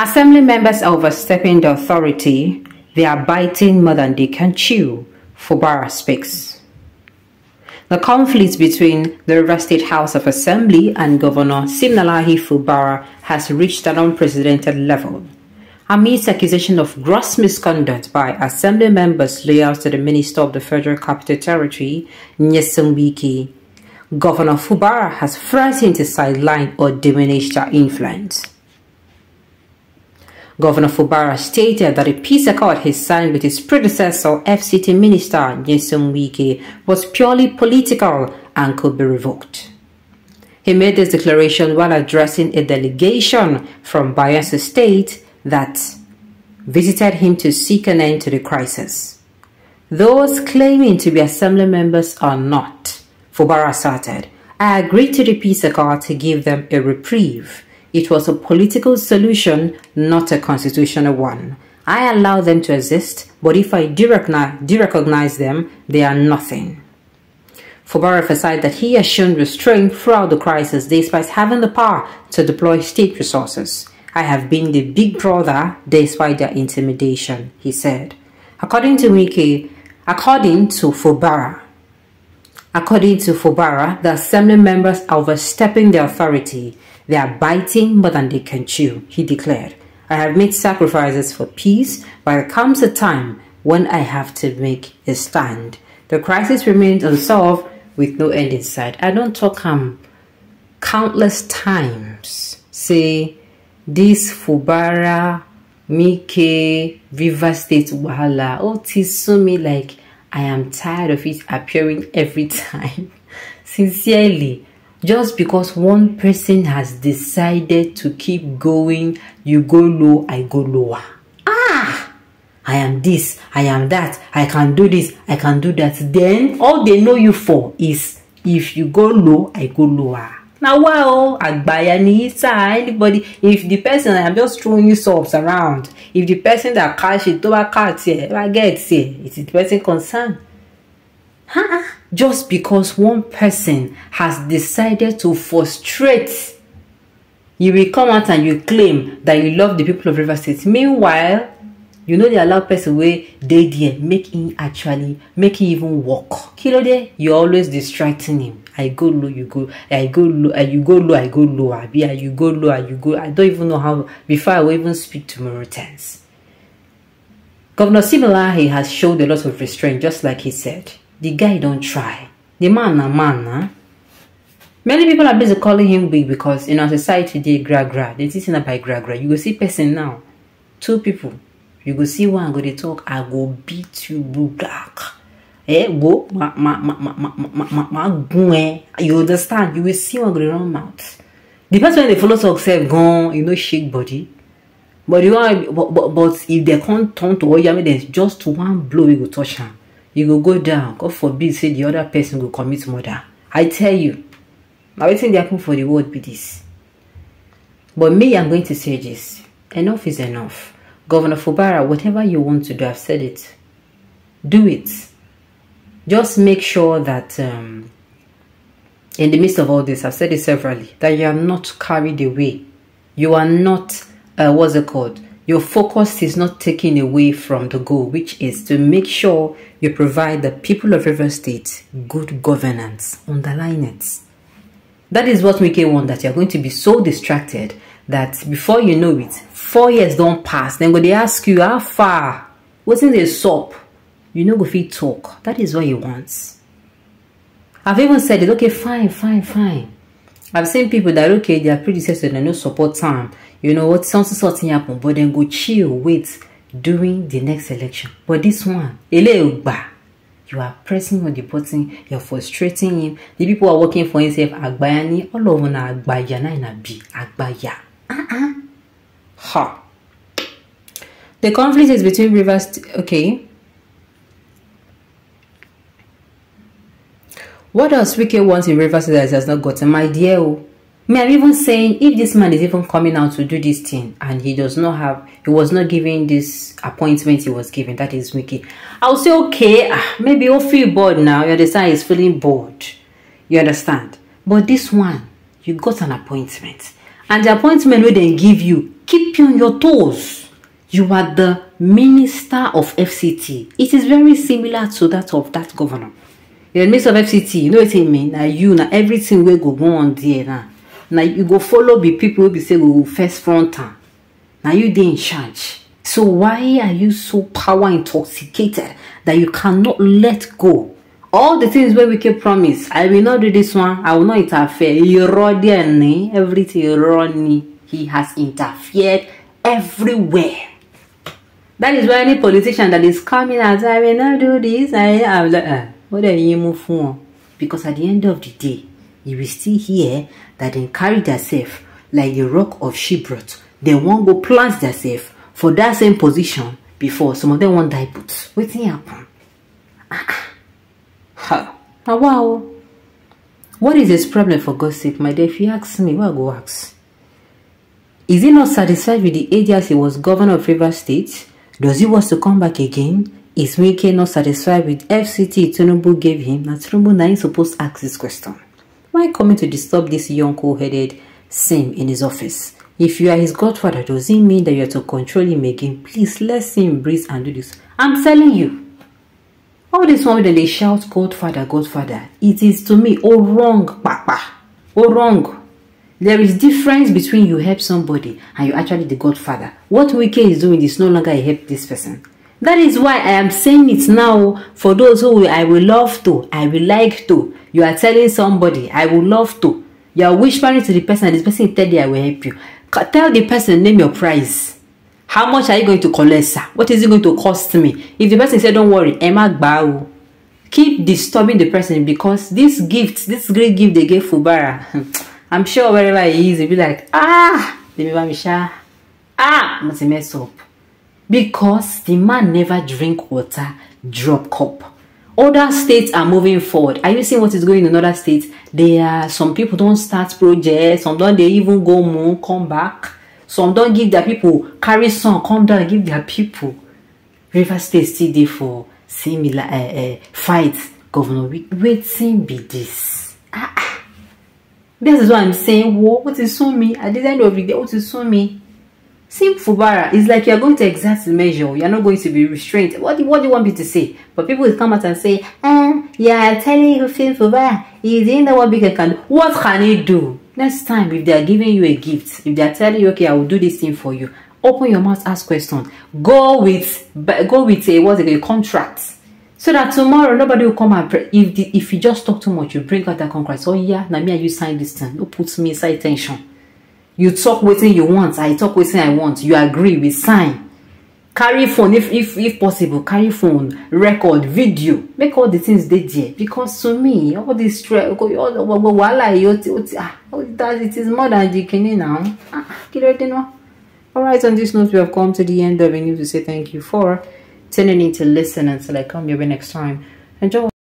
Assembly members are overstepping the authority. They are biting more than they can chew, Fubara speaks. The conflict between the River State House of Assembly and Governor Simnalahi Fubara has reached an unprecedented level. Amid accusation of gross misconduct by Assembly members loyal to the Minister of the Federal Capital Territory, Nyesumbiki, Governor Fubara has threatened to sideline or diminish their influence. Governor Fubara stated that a peace accord he signed with his predecessor, FCT Minister Nyesom Wiki, was purely political and could be revoked. He made this declaration while addressing a delegation from Bayelsa State that visited him to seek an end to the crisis. Those claiming to be assembly members are not, Fubara asserted. I agreed to the peace accord to give them a reprieve. It was a political solution, not a constitutional one. I allow them to exist, but if I derecognize them, they are nothing. Fubara emphasized that he has shown restraint throughout the crisis despite having the power to deploy state resources. I have been the big brother despite their intimidation, he said. According to Miki, according to Fubara, according to Fubara, the assembly members are overstepping their authority they are biting more than they can chew, he declared. I have made sacrifices for peace, but there comes a time when I have to make a stand. The crisis remains unsolved with no end in sight. I don't talk him um, countless times. Say, this Fubara, Mike, River State Wahala, oh, me like, I am tired of it appearing every time. Sincerely, just because one person has decided to keep going you go low i go lower ah i am this i am that i can do this i can do that then all they know you for is if you go low i go lower na why o agbaya ni isa anybody if the person i am just throwing subs around if the person that catch it tó bá catch it tó get it it is the person concerned Huh? Just because one person has decided to frustrate, you will come out and you claim that you love the people of River State. Meanwhile, you know they allow person wey dey there make him actually make him even work kilo there you always distracting him i go low you go i go low you go low i go low I uh, you go low you go i don't even know how before i will even speak to Mauritans. governor similar has showed a lot of restraint just like he said the guy don't try. The man na man na. Many people are busy calling him big because in our society they gra gra. They teaching about gra gra. You go see person now, two people. You go see one go they talk. I go beat you bugak. Eh, go ma ma ma ma ma ma ma ma gun eh. You understand? You will see one go run mouth. The person they follow talk self gone, you know shake body. But you are but, but, but if they can't turn to what you mean, there's just one blow we go touch him you go go down god forbid say the other person will commit murder i tell you na wetin dey happen for the world be this. but me i'm going to say this: enough is enough governor fubara whatever you want to do i've said it do it just make sure that um, in the midst of all this i've said it severally that you are not carried away you are not uh, what's it called your focus is not taken away from the goal, which is to make sure you provide the people of River State good governance. Underline it. That is what Wike want, that you're going to be so distracted that before you know it, four years don't pass. Then when they ask you, how far? Wasn't there soap? You know, go fit talk. That is what he wants. I've even said it, okay, fine, fine, fine. I've seen people that okay, they their predecessors they no support time. You know what? Something something happen, but then go chill, wait during the next election. But this one, eleugba, you are pressing on the button, you're frustrating him. The people are working for himself, agbayani, all of na agbaya na na bi agbaya. Uh uh. Ha. The conflict is between Rivers. Okay. What does Wike want in reverse? that he has not gotten? My dear, oh, Me, I'm even saying if this man is even coming out to do this thing and he does not have, he was not given this appointment he was given, that is Wiki. I'll say, okay, ah, maybe you will feel bored now. You understand? He's feeling bored. You understand? But this one, you got an appointment. And the appointment will then give you, keep you on your toes. You are the minister of FCT. It is very similar to that of that governor. the mix of fct you know wetin e mean na you na everything wey go go on there na na you go follow be people wey be say go first front am na you dey in charge so why are you so power intoxicated that you cannot let go all the things wey wike promise i will not do this one i will not interfere irọ́ díẹ̀ ní everything irọ́ ni he has interfered everywhere that is why any politician that is coming out i will not do this i am like. Uh, What are you move fún because at the end of the day you will still hear that they carry themselves like the rock of Shibroth won't go plant themselves for that same position before some of won't die put wetin happen ah, ah. ha na wow! what is this problem for God's sake my dear if you ask me what go ask. Is he not satisfied with the eight he was governor of Rivers State? Does he want to come back again? Wike not satisfied with FCT Tinubu gave him that Tinubu now is supposed to ask this question. Why coming to disturb this young cool-headed Sim in his office? If you are his godfather, does it mean that you are to control him again? Please let him breathe and do this. I'm telling you. All this one that they shout godfather, godfather, it is to me all wrong, papa. All wrong. There is difference between you help somebody and you actually the godfather. What Wike is doing is no longer help this person. that is why i am saying it now for those who will, i will love to i will like to you are telling somebody i will love to you are whispering to the person and this person tell you i will help you tell the person name your price how much are you going to collect sir what is it going to cost me if the person say don't worry emma gbao keep disturbing the person because this gift this great gift they gave fubara i'm sure wherever he is he'll be like ah ah mo ti mess up because the man never drink water drop cup other states are moving forward are you seeing what is going in other states there are some people don't start projects. some don't. They even go moon come back some don't give their people carry sun come down give their people rivers state still there for similar uh, uh, fight governor wetin be this ah, ah. this is what i'm saying What? o ti sun mi at the end of the day o ti sun mi. Sim Fubara is like you're going to the measure, you're not going to be restrained. What, what do you want me to say? But people will come out and say, eh, yeah, I'm telling you, Sim Fubara, he did in know one big can What can he do? Next time, if they are giving you a gift, if they are telling you, okay, I will do this thing for you, open your mouth, ask questions. Go with, go with a, what's it, a contract so that tomorrow nobody will come and pray. If the, if you just talk too much, you bring out that contract. Oh yeah, now me and you sign this thing. Who puts me inside tension? you talk wetin you want i talk wetin i want you agree we sign carry phone if if if possible carry phone record video make all the things they did. because to me all this stress all the gbogbo wahala yi eh, o ti ah, that it is more than you can now ah alright on this note we have come to the end of a new to say thank you for tuning in to listen until i come here next time enjoy.